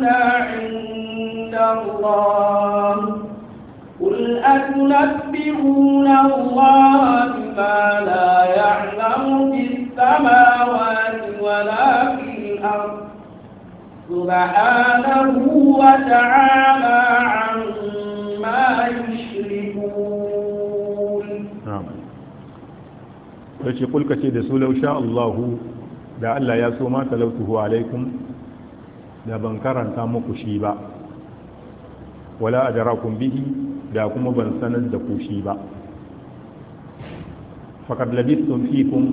الحسنى عند الله قل أتنبئون الله بما لا يعلم في السماوات ولا في الأرض سبحانه وتعالى عما يشركون نعم قل سو لو شاء الله لعل Allah ya so عليكم da ban karanta muku shi ba wala ajarakum bihi da kuma ban sanar da ku shi ba faqad labithtum fikum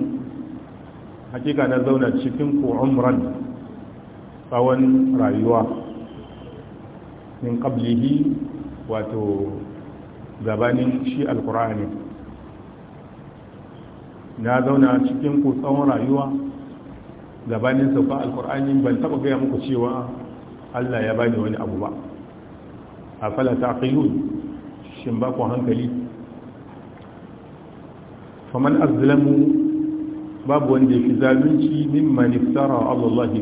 hakika na zauna cikin ku umran tsawon rayuwa min qablihi wato gabanin shi alqur'ani na zauna cikin ku tsawon rayuwa gabanin sauka alkur'ani ban taba gaya muku cewa allah ya bani wani abu ba a falata aqilun shin ba ku hankali faman azlamu babu wanda ya fi zalunci wa iftara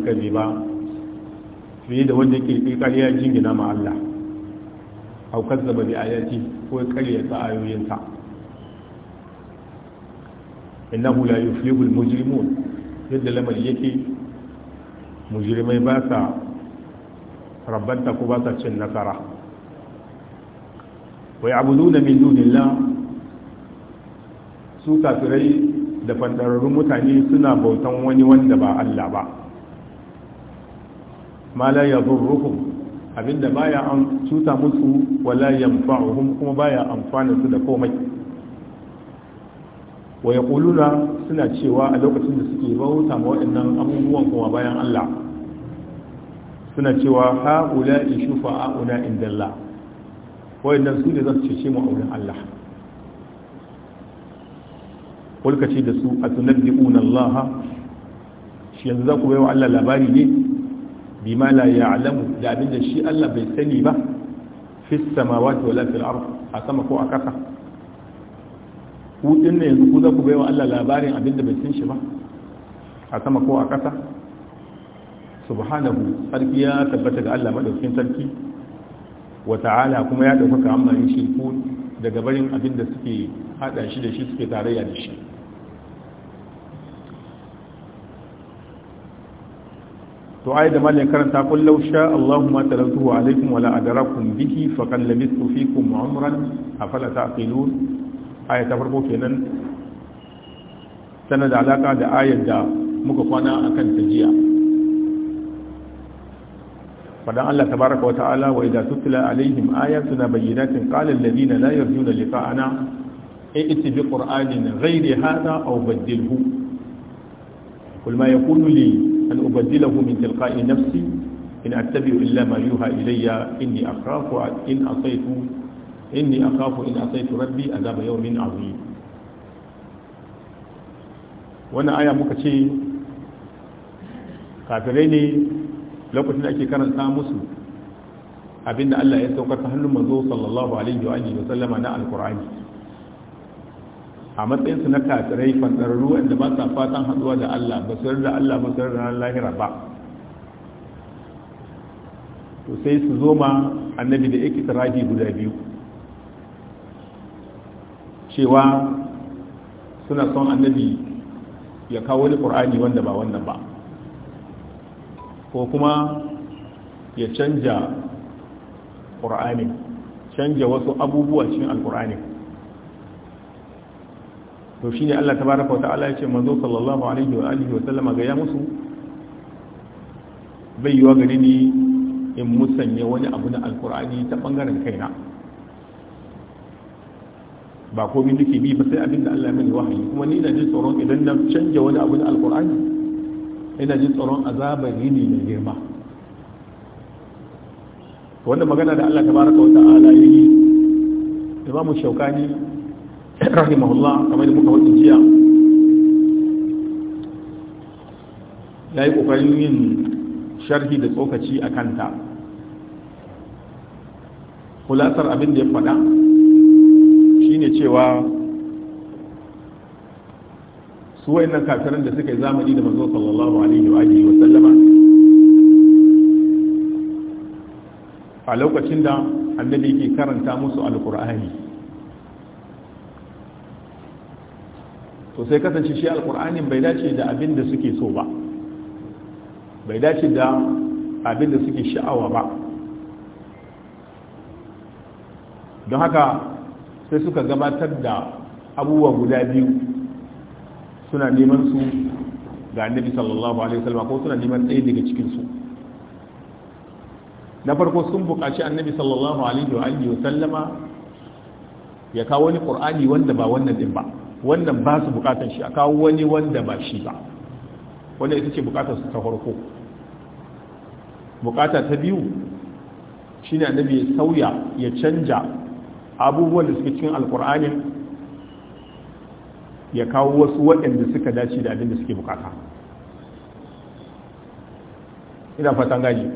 kare ba. fiye da wanda ke ƙarya jingina ma allah au kazzaba bi ayati ko karyata ayoyinsa innahu la yuflihu mujrimun yadda lamari yake mujirmai ba sa rabbanta ko ba sa cin nasara wai nuna min dunillah su kafirai da fandararrun mutane suna bautan wani wanda ba Allah ba ma la yadurruhum abinda baya an cuta musu wala yanfa'uhum kuma baya amfana su da komai wa yaquluna suna cewa a lokacin da suke bauta ma waɗannan abubuwan kuma bayan Allah suna cewa ha'ula'i shufa'a'una indallah waɗannan su ne za su cece mu a wurin Allah kulka da su a tunabbi'una Allah shi yanzu za ku bai wa Allah labari ne bima la ya'lamu da abin da shi Allah bai sani ba fi samawati wala fil a sama ko a kasa ku din ne yanzu ku za ku baiwa Allah labarin abin da bai san shi ba a sama ko a ƙasa subhanahu sarki ya tabbata ga Allah madaukakin sarki wa ta'ala kuma ya ɗaukaka amma yin shi ku daga barin abin da suke haɗa shi da shi suke tarayya da shi to ai da malin karanta kun lausha Allahumma talantuhu alaikum wala adarakum bihi faqad labistu fikum umran afala ta'qilun aya ta farko kenan tana da alaka da ayar da muka kwana a kan tajiya fadan Allah tabaraka wa ta'ala wa idha tutla alaihim ayatun bayyinatin qala alladhina la yarjuna liqa'ana ay ittibi qur'anin ghayri hadha aw badilhu kul ma yakunu li an ubaddilahu min tilqa'i nafsi in attabi'u illa ma yuha ilayya inni akhafu in asaytu inni akhafu in asaitu rabbi azaba yawmin azim wannan aya muka ce kafirai ne lokacin da ake karanta musu abinda Allah ya saukar ta hannun manzo sallallahu alaihi wa sallama na alqur'ani a matsayin su na kafirai fadarru wanda ba sa fatan haduwa da Allah ba su da Allah ba su da lahira ba to sai su zo ma annabi da ikitirafi guda biyu cewa suna son annabi ya kawo wani ƙur'ani wanda ba wannan ba ko kuma ya canja ƙur'ani canja wasu abubuwa cikin alƙur'ani to shi ne Allah baraka wa ta'ala ya ce manzo sallallahu alaihi wa alihi wa sallama ga musu bai yiwa gari ne in musanye wani abu na alƙur'ani ta ɓangaren kaina ba komai nake bi ba sai abin da Allah mani wahayi kuma ni ina jin tsoron idan na canja wani abu na alkur'ani ina jin tsoron azabar yini mai girma wannan magana da Allah tabaraka wa ta'ala yayi imamu shaukani rahimahullah kamar da muka wadda jiya ya yi ƙoƙarin yin sharhi da tsokaci a kanta kulasar abin da ya faɗa shine cewa su wayannan kafiran da suka yi zamani da manzo sallallahu alaihi wa alihi wa sallama a lokacin da annabi ke karanta musu alqur'ani to sai kasance shi alqur'ani bai dace da abin da suke so ba bai dace da abin da suke sha'awa ba don haka sai suka gabatar da abubuwa guda biyu suna neman su ga annabi sallallahu alaihi wasallam ko suna neman tsaye daga cikin su na farko sun buƙaci annabi sallallahu alaihi wa alihi wasallama ya kawo wani qur'ani wanda ba wannan din ba wannan ba su buƙatar shi a kawo wani wanda ba shi ba wanda ita ce buƙatar su ta farko buƙata ta biyu shine annabi ya sauya ya canja abubuwan da suke cikin alkur'anin ya kawo wasu waɗanda suka dace da abin da suke bukata ina fatan gaji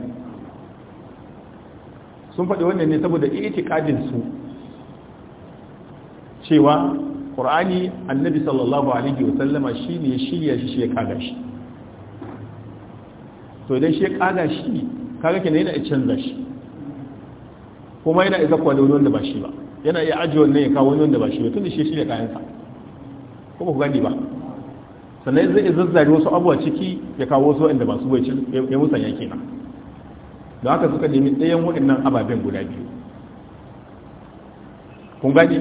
sun faɗi wannan ne saboda itikadinsu cewa ƙur'ani annabi sallallahu alaihi wa sallama, shi ne shirya shi shi ya kaga shi to idan shi ya kaga shi kaga ke na yana canza shi kuma yana da wani da ba shi ba yana iya ajiye wannan ya kawo wani wanda ba shi ba da shi shi ne kayansa ko ba ku gani ba sannan zai iya zazzare wasu abuwa ciki ya kawo wasu wanda ba su bai ya musanya kenan da haka suka nemi ɗayan waɗannan ababen guda biyu kun gani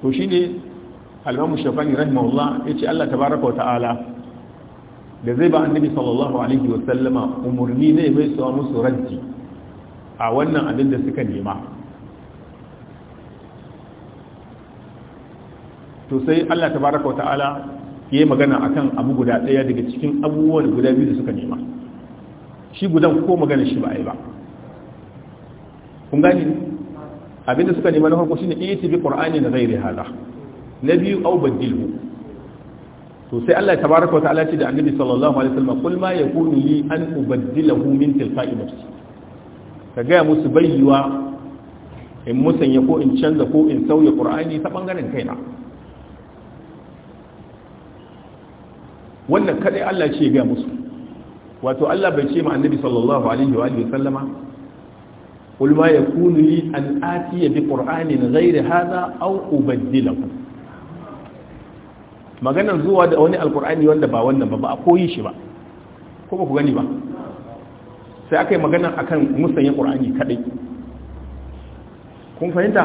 to shi ne almamu shafani rahimahullah ya ce allah tabaraka wa ta'ala da zai ba annabi sallallahu alaihi wasallama umarni ne mai tsawon musu rajji a wannan abin da suka nema to sai Allah tabaraka wata'ala ya yi magana akan abu guda ɗaya daga cikin abubuwan guda biyu da suka nema shi gudan ko magana shi ba a yi ba kun gani abinda suka nema na farko shine iti bi qur'ani na ghairi hada na biyu aw badilhu to sai Allah tabaraka wata'ala ce da annabi sallallahu alaihi wasallam kul ma yakunu li an ubaddilahu min tilqa'i nafsi ka gaya musu bayyiwa in musanya ko in canza ko in sauya qur'ani ta ɓangaren kaina wannan kaɗai Allah ce gaya musu wato Allah bai ce ma annabi sallallahu alaihi wa sallama قل ما يكون لي أن آتي بقرآن غير هذا أو ku. maganar zuwa da wani alkur'ani wanda ba wannan ba ba a koyi shi ba ko ba ku gani ba sai aka yi magana akan musanya ƙura'ani kaɗai kun fahimta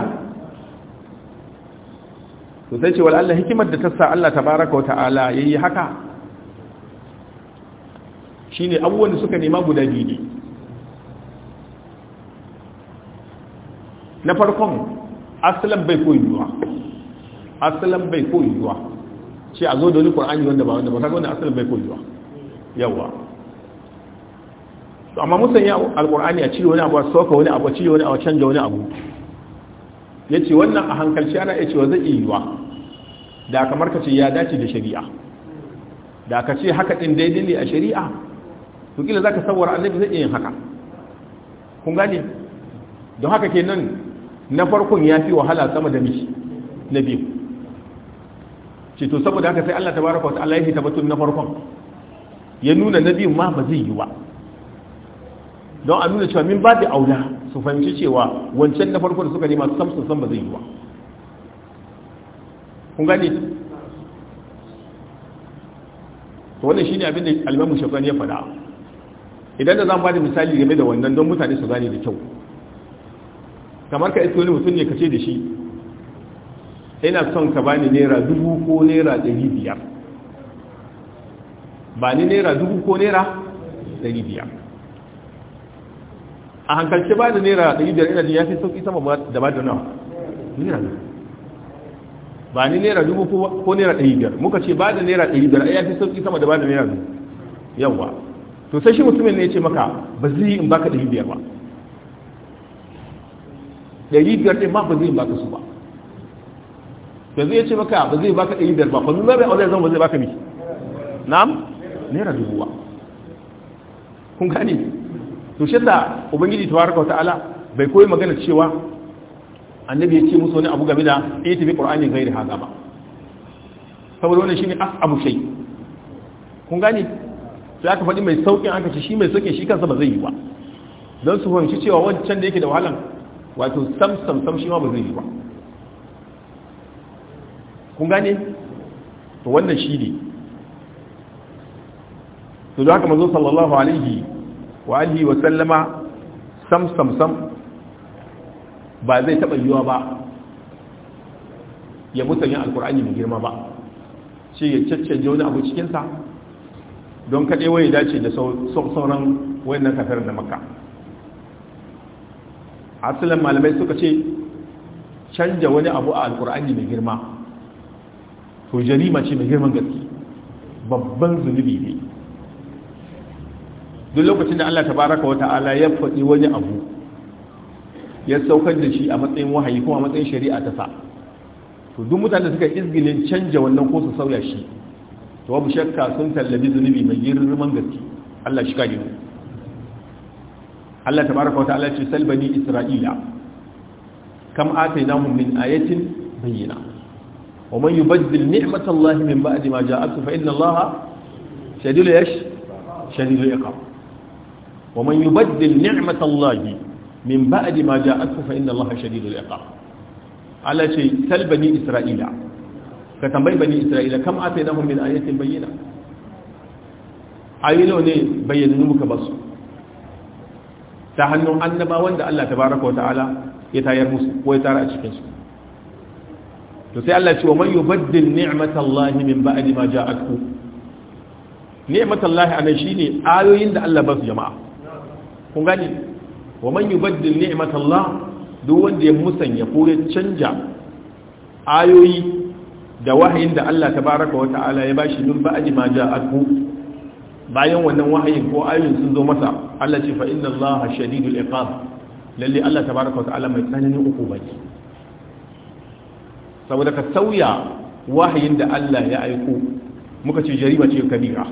to sai ce wal'alla hikimar da ta sa Allah baraka wa ta'ala ya yi haka shine abubuwan da suka nema guda biyu ne na farkon asalan bai koyi yiwuwa asalan bai koyi yiwuwa ce a zo da wani ƙura'ani wanda ba wanda ba kaga wanda asalan bai koyi yiwuwa yawwa. to amma musan yi alqur'ani a cire wani abu a soka wani abu a cire wani abu a canja wani abu yace wannan a hankalci ana iya cewa zai yiwa da kamar ka ce ya dace da shari'a da ka ce haka din daidai ne a shari'a to kila zaka sabuwar annabi zai yin haka kun gane don haka kenan na farkon ya fi wahala sama da miki na biyu ce to saboda haka sai Allah tabaraka wa ta'ala ya hita tabbatun na farkon ya nuna na biyun ma ba zai yi ba don a nuna cewa min ba da aula su fahimci cewa wancan na farko da suka nema sam su san ba zai yi ba kun gane to wannan shine abin da alimamu shafani ya faɗa idan da zan ba da misali game da wannan don mutane su gane da kyau kamar ka iso wani mutum ne ka ce da shi ina son ka bani naira dubu ko naira ɗari biyar ba ni naira dubu ko naira ɗari biyar a hankalce ba da naira ɗari biyar ina jin ya fi sauƙi sama da ba da nawa naira ne ba ni naira dubu ko naira ɗari biyar muka ce ba da naira ɗari biyar ya fi sauƙi sama da ba da naira dubu yawwa to sai shi mutumin ne ya ce maka ba zai yi in baka ɗari biyar ba ɗari biyar ɗin ma ba zai yi baka su ba yanzu ya ce maka ba zai baka ɗari biyar ba ba zai ba zai ba zai baka mi na'am naira dubuwa ba kun gane to shi da ubangiji tabaraka wa ta'ala bai koyi magana cewa annabi ya ce musu wani abu game da itibi eh qur'ani gairi haza ba saboda wannan shine abu shay kun gane sai aka faɗi mai sauƙin aka ce shi mai sauƙin shi kansa ba zai yi ba don su fahimci cewa wancan da yake da wahalan wato sam sam sam shi ma ba zai yi ba kun gane to wannan shi ne to da haka mazo sallallahu alaihi wa alihi wa sallama sam sam sam ba zai taba yiwa ba ya musanya alkur'ani mai girma ba ce ya caccanje wani abu cikinsa don kaɗe waye dace da sauran wayannan kafar da makka asalin malamai suka ce canja wani abu a alkur'ani mai girma to jarima ce mai girman gaske babban zunubi ne duk lokacin da Allah tabaraka wa ta'ala ya faɗi wani abu ya saukar da shi a matsayin wahayi kuma a matsayin shari'a ta sa to duk mutane suka izgilin canja wannan ko su sauya shi to babu shakka sun tallabi zunubi mai girman gaske Allah shi kage Allah tabaraka wa ta'ala ce salbani isra'ila kam atainahum min ayatin bayyina wa man yubaddil ni'matallahi min ba'di ma ja'at fa inna allaha shadidul yash shadidul iqab wa man yubaddil ni'matallahi min ba'di ma ja'atku fa inna allaha shadidul iqab Allah ce sal bani isra'ila ka tambayi bani isra'ila kam atainahum min ayatin bayyina ayyino ne bayyanin muka basu ta hannun annaba wanda Allah tabaraka wa ta'ala ya tayar musu ko ya tara a cikin to sai Allah ce wa man yubaddil ni'matallahi min ba'di ma shine ayoyin da Allah basu jama'a kun gani wa man yubaddil ni'matallah duk wanda ya musanya ko ya canja ayoyi da wahayin da Allah tabaraka wa ta'ala ya bashi min ba'di ma ja'athu bayan wannan wahayin ko ayoyin sun zo masa Allah ce fa inna Allaha shadidul iqab lalle Allah tabaraka wa ta'ala mai tsananin hukuma ne saboda ka sauya wahayin da Allah ya aiko muka ce jarima ce kabira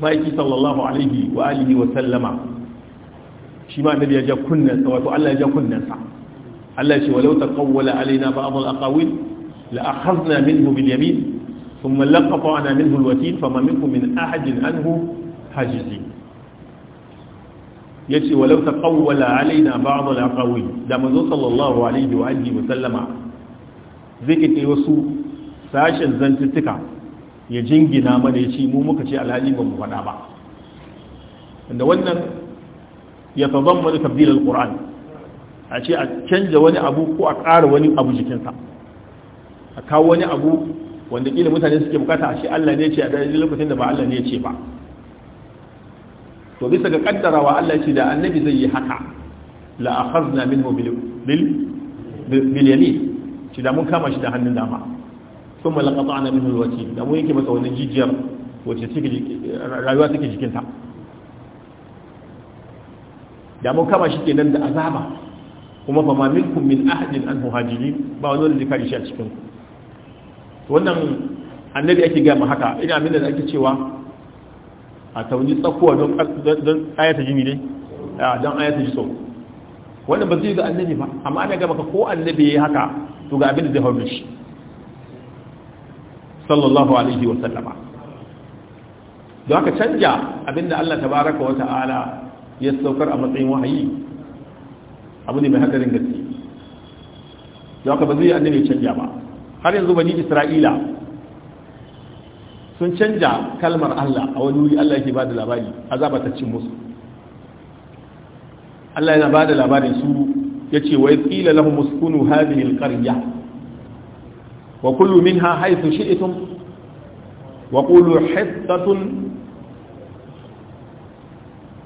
maiki sallallahu alaihi wa alihi wa sallama shi ma annabi ya ja kunna wato Allah ya ja kunnansa Allah ya ce walau taqawwala alaina ba'd al-aqawil la akhadna minhu bil yamin thumma laqata'na minhu al-watin fama minkum min ahadin anhu hajizi yace walau taqawwala alaina ba'd al-aqawil da manzo sallallahu alaihi wa alihi wa sallama zai wasu sashin zantuttuka ya jingina mana ya ce mu muka ce alhaji ba mu faɗa ba da wannan ya tazan mana tabdil ƙur'an, a ce a canja wani abu ko a ƙara wani abu jikinsa a kawo wani abu wanda kila mutane suke bukata a ce Allah ne ce a daji lokacin da ba Allah ne ce ba to bisa ga kaddarawa Allah ce da annabi zai yi haka la na minhu bil bil bil yamin ci da mun kama shi da hannun dama sun malakata ana min hulwaci da mu yake masa wani jijiyar wacce rayuwa take jikinta da mu kama shi kenan da azaba kuma ba mamin minkum ahadin an muhajirin ba wani wanda kare shi a cikin wannan annabi ake gama haka ina minna da ake cewa a tauni tsakuwa don ayata jini ne don ayata ji sau wannan ba zai ga annabi ba amma ana gama ka ko annabi ya yi haka to ga abin da zai hau shi sallallahu alaihi wa sallama don haka canja abinda Allah tabaraka wa ta'ala ya saukar a matsayin wahayi abu ne mai hadarin gaske don haka ba zai annabi canja ba har yanzu bani Isra'ila sun canja kalmar Allah a wani wuri Allah yake bada labari azaba ta cin musu Allah yana bada labarin su yace wa qila lahum muskunu hadhihi alqarya وكل منها حيث شئتم وقولوا حطة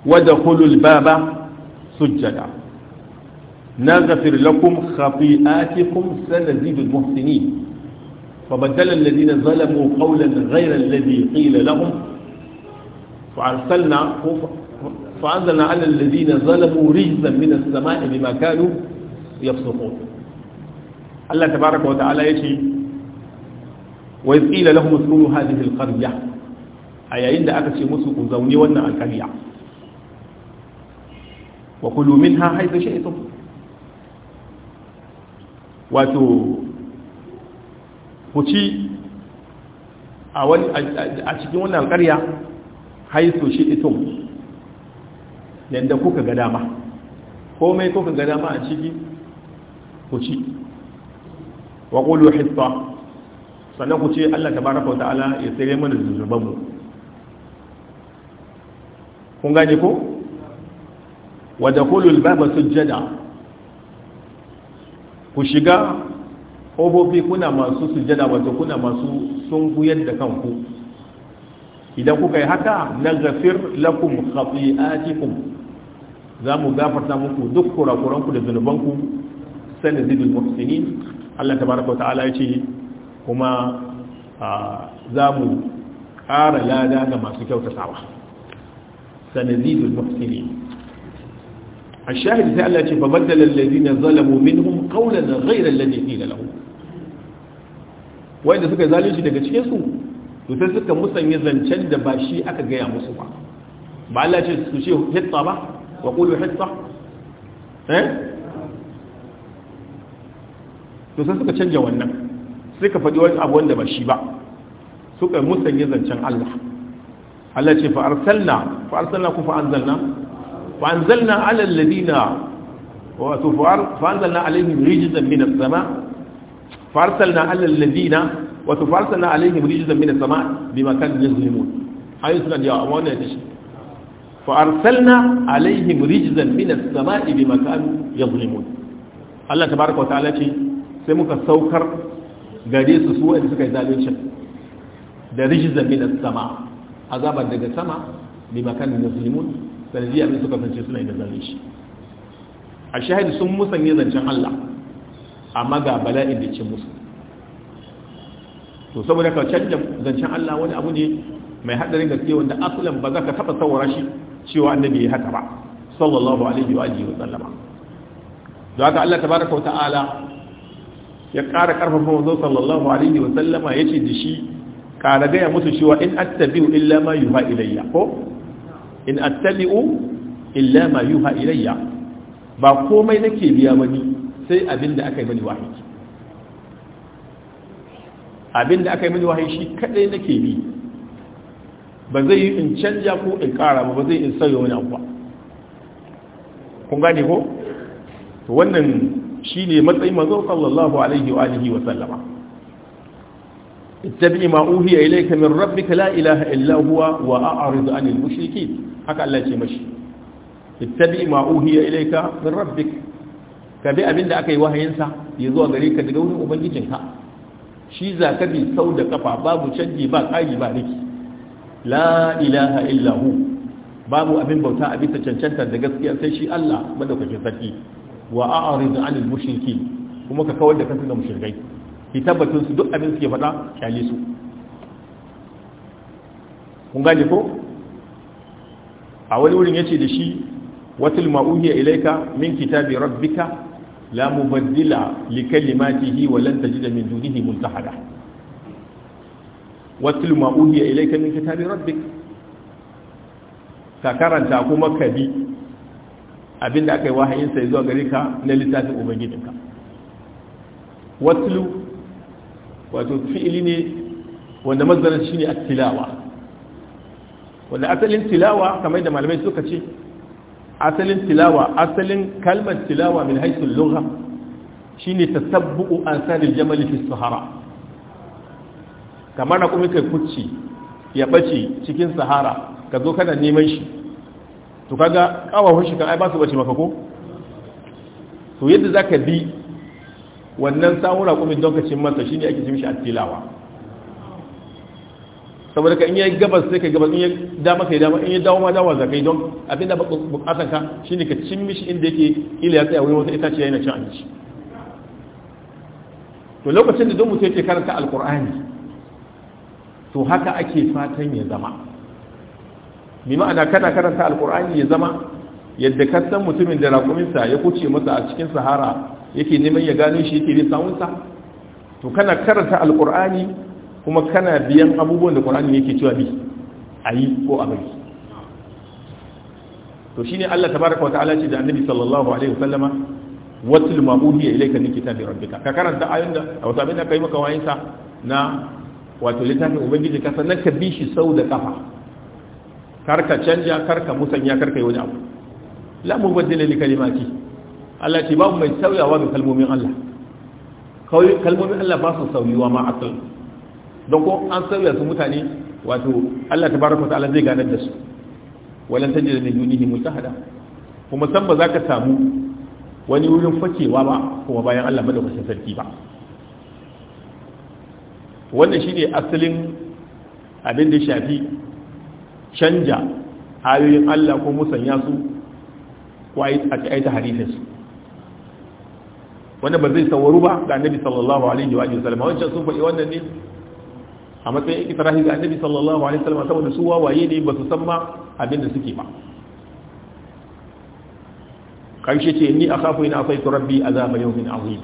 وادخلوا الباب سجدا نغفر لكم خطيئاتكم سنزيد المحسنين فبدل الذين ظلموا قولا غير الذي قيل لهم فأرسلنا فأنزلنا على الذين ظلموا رجزا من السماء بما كانوا يفسقون الله تبارك وتعالى يشهد wa qila lahum usulu hadhihi alqarya a yayin da aka ce musu ku zaune wannan alqarya wa kulu minha haythu shi'tum wato ku a cikin wannan alqarya haythu shi'tum yanda kuka ga dama komai kuka ga dama a ciki ku ci wa qulu hitta sannan ku ce Allah rafa wata ala ya tsere mana zunuban mu kun gane ko wa dakhulul baba jada. ku shiga ƙofofi kuna masu jada wato kuna masu sun guyar da kanku idan kuka yi haka na gafir lakum khati'atikum za mu gafarta muku duk kurakuranku da zunubanku sanin zidul muhsinin Allah tabaraka wata ala ya ce kuma za mu ƙara lada ga masu kyautatawa sanadidul mafisini a shahid sai Allah ce fa baddala na zalamu minhum zairar ghayra ne da lahu wanda suka zalunci daga cikinsu, su suka musanye zancen da ba shi aka gaya musu ba ba Allah ce su ce hitsa ba wa kulu hitsa eh to suka canja wannan Sai ka faɗi wani abu wanda ba shi ba suka musanye zancen Allah Allah ce fa arsalna fa arsalna ku fa anzalna fa na ala alladhina wa to fa anzalna alaihim sama fa arsalna ala alladhina wa to fa arsalna alaihim rijzan min as-sama bima kanu yuzlimun suna da yawa wani wannan ya tashi fa arsalna alaihim rijzan min as-sama bima kanu yuzlimun Allah tabaaraka wa ta'ala ce sai muka saukar gare su su wanda suka yi zalincin da rishi rijizan na sama azabar daga sama bi makan muslimun sanadiyar da suka zance suna yi da zalunci a shahid sun musan musanye zancen Allah amma ga bala'in da ce musu to saboda ka canja zancen Allah wani abu ne mai haɗarin gaske wanda asulan ba za ka taɓa saurara shi cewa annabi ya haka ba sallallahu alaihi wa alihi wa sallama don haka Allah tabaraka wa ta'ala ya ƙara ƙarfafa wanzan sallallahu alaihi wa sallama ya ce da shi ƙara gaya musu cewa in attabi'u illa ma yuha ilayya ko in attabi'u illa ma yuha ilayya ba komai nake biya wani sai abin da aka yi mani wahayi abin da aka yi mani wahayi shi kadai nake bi ba zai yi in canja ko in ƙara ba ba zai in sauya wani abu ba kun gane ko wannan Shi ne matsayin manzo sallallahu alaihi wa alihi wa sallama ittabi ma uhiya ilayka min rabbika la ilaha illa huwa wa a'rid anil mushrikeen haka Allah ce mashi ittabi ma uhiya ilayka min rabbika ka bi abinda aka yi wahayinsa ya zuwa gare ka daga wurin ubangijinka shi za ka bi sau da kafa babu canji ba ƙari ba riki la ilaha illa hu babu abin bauta a bisa cancanta da gaskiya sai shi Allah madaukakin sarki wa a'rid anil mushriki kuma ka kawar da kanka ga mushrikai ki tabbatin su duk abin suke faɗa kyale su kun gane ko a wani wurin yace da shi watul ma'uhiya ilaika min kitabi rabbika la mubaddila li kalimatihi wa lan tajida min dunihi multahada watul ma'uhiya ilaika min kitabi rabbika ka karanta kuma ka bi Abin da aka yi wahayin sai zuwa gare ka na littafin ubangijinka watlu wato fi'ili ne wanda shi ne a tilawa wanda asalin tilawa kamar da malamai suka ce asalin tilawa asalin kalmar tilawa min haythu al shine tasabbu ansal al-jamal fi sahara kamar na kuma kai kucci ya bace cikin sahara ka zo kana neman shi to kaga kawawar shi kan ai ba su bace maka ko to yadda zaka bi wannan samun raƙumin don ka cin masa shine ake cin shi tilawa. saboda ka in yi gabas sai ka gabas in yi dama sai dama in yi dawo ma dawa zakai don abin da bukatan ka shine ka cin mishi inda yake ila ya tsaya wurin wata itaciya yana cin abinci to lokacin da don mutum yake karanta alkur'ani to haka ake fatan ya zama bi ma'ana kana karanta alkur'ani ya zama yadda ka san mutumin da raƙuminsa ya kuce masa a cikin sahara yake neman ya gano shi yake bin sawunsa to kana karanta alkur'ani kuma kana biyan abubuwan da qur'ani yake cewa bi yi ko a bari to shi ne Allah ta tabaraka wataala ce da annabi sallallahu alaihi wasallama watul ma uhiya ilayka min kitabi rabbika ka karanta ayoyin da wasu abin da yi maka wayinsa na wato littafin ubangiji ka sannan ka bi shi sau da kafa karka canja karka musanya karka yi wani abu la mubaddila li kalimati Allah ce babu mai sauyawa ga kalmomin Allah kalmomin Allah ba su sauyuwa ma asal don ko an sauya su mutane wato Allah ta tabaraka ta'ala zai ganar da su walan tajida min dunihi mutahada kuma san ba za ka samu wani wurin fakewa ba kuma bayan Allah madaukakin sarki ba wannan shine asalin abin da shafi canja ayoyin Allah ko musanya su ko a ta harifinsu wanda ba zai sauwaru ba ga annabi sallallahu alaihi wa sallam wancan sun faɗi wannan ne a matsayin rahi ga annabi sallallahu alaihi wa sallam saboda su wawaye ne ba su san ma abin da suke ba karshe ce ni akhafu akwai asaitu rabbi azaba min azim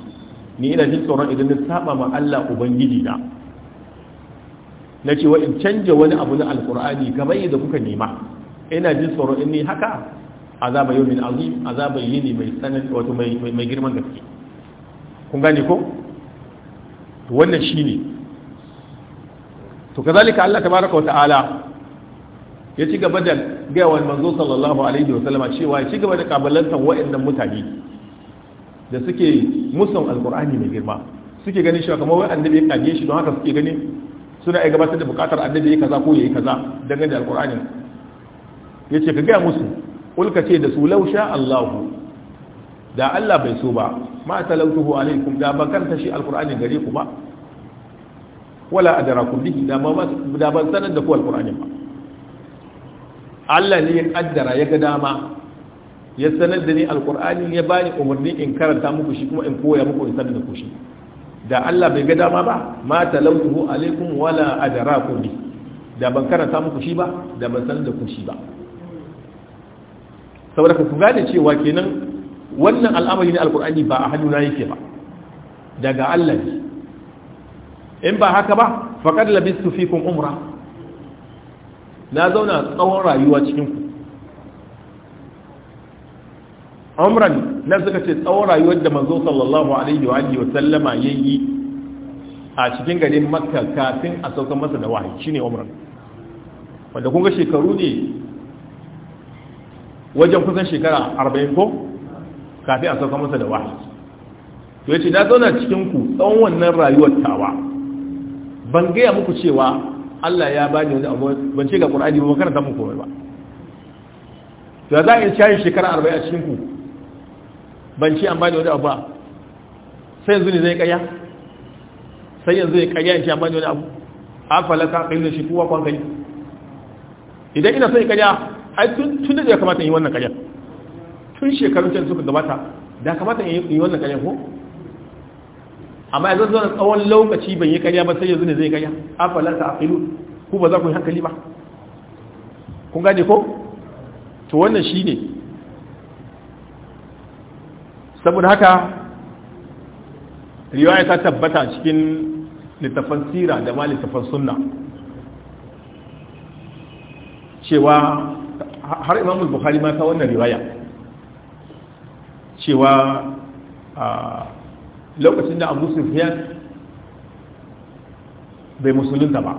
ni ina jin tsoron idan na saba ma Allah ubangiji na na cewa in canja wani abu na alkur'ani kamar yadda kuka nema ina jin tsoro in ni haka azaba yau min azim azaba yi ne mai tsanan wato mai girman gaske kun gane ko wannan wannan shine to kazalika Allah tabaraka wa ta'ala ya ci gaba da gaya wa manzo sallallahu alaihi wa sallama cewa ya ci gaba da kabalantar wa'annan mutane da suke musan alkur'ani mai girma suke ganin shi kamar wai annabi ya kage shi don haka suke ganin suna ya gabatar da bukatar annabi kaza ko yayi kaza dangane da alqur'ani yace ka gaya musu ulka ce da su lausha Allahu da Allah bai so ba ma talautuhu alaikum da ban karanta shi alqur'ani gare ku ba wala adrakum bihi da ma da ban sanar da ku alqur'ani ba Allah ne ya kaddara ya ga dama ya sanar da ni alqur'ani ya bani umurni in karanta muku shi kuma in koya muku in sanar da ku shi da Allah bai ga dama ba ma talawuhu alaikum wala adrakum bi da ban karanta muku shi ba da ban san da ku shi ba saboda ku gane cewa kenan wannan al'amari ne alkur'ani ba a na yake ba daga Allah ne in ba haka ba faqad labistu fikum umra na zauna tsawon rayuwa cikin ku umran na suka ce tsawon rayuwar da manzo sallallahu alaihi wa alihi wa sallama yayi a cikin garin makka kafin a sauka masa da wahayi shine umran wanda kun ga shekaru ne wajen kusan shekara 40 ko kafin a sauka masa da wahayi to yace na zauna cikin ku tsawon wannan rayuwar tawa ban gaya muku cewa Allah ya bani wani abu ban ce ga Qur'ani ba karanta muku ba to za a yi shayin shekara 40 a cikin ku ban ci an da wani abu ba sai yanzu ne zai kaya sai yanzu ya kaya in ci an da wani abu afalaka da shi kuwa kwan gani idan ina sai kaya ai tun da ya kamata in yi wannan kaya tun shekarun can suka gabata da kamata in yi wannan kaya ko amma yanzu zuwa tsawon lokaci ban yi kaya ba sai yanzu ne zai kaya afalaka kailun ku ba za ku yi hankali ba kun gane ko to wannan shi ne. saboda haka riwaya ta tabbata cikin littafan sira da ma littafan sunna cewa har imam bukhari ma ta wannan riwaya cewa lokacin da abu sufyan bai musulunta ba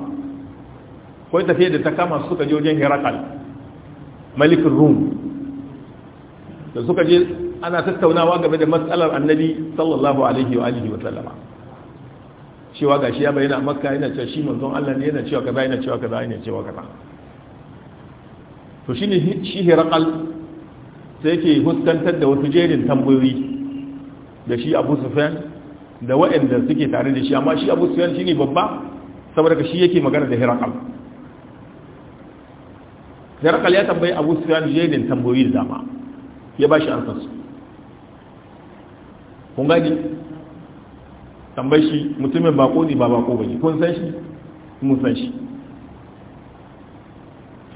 kawai tafiye da ta kama suka je wajen herakal malikin rum da suka je ana tattaunawa game da matsalar annabi sallallahu alaihi wa alihi wa sallama cewa gashi ya bayyana a makka yana cewa shi manzon Allah ne yana cewa kaza yana cewa kaza yana cewa kaza to shine shi hirqal sai yake huskantar da wasu jerin tambayoyi da shi Abu Sufyan da waɗanda suke tare da shi amma shi Abu Sufyan shine babba saboda ka shi yake magana da hirqal hirqal ya tambayi Abu Sufyan jerin tambayoyi da dama ya bashi ansa su kun gani tambayi shi mutumin bako ne ba bako ba kun san shi mun san shi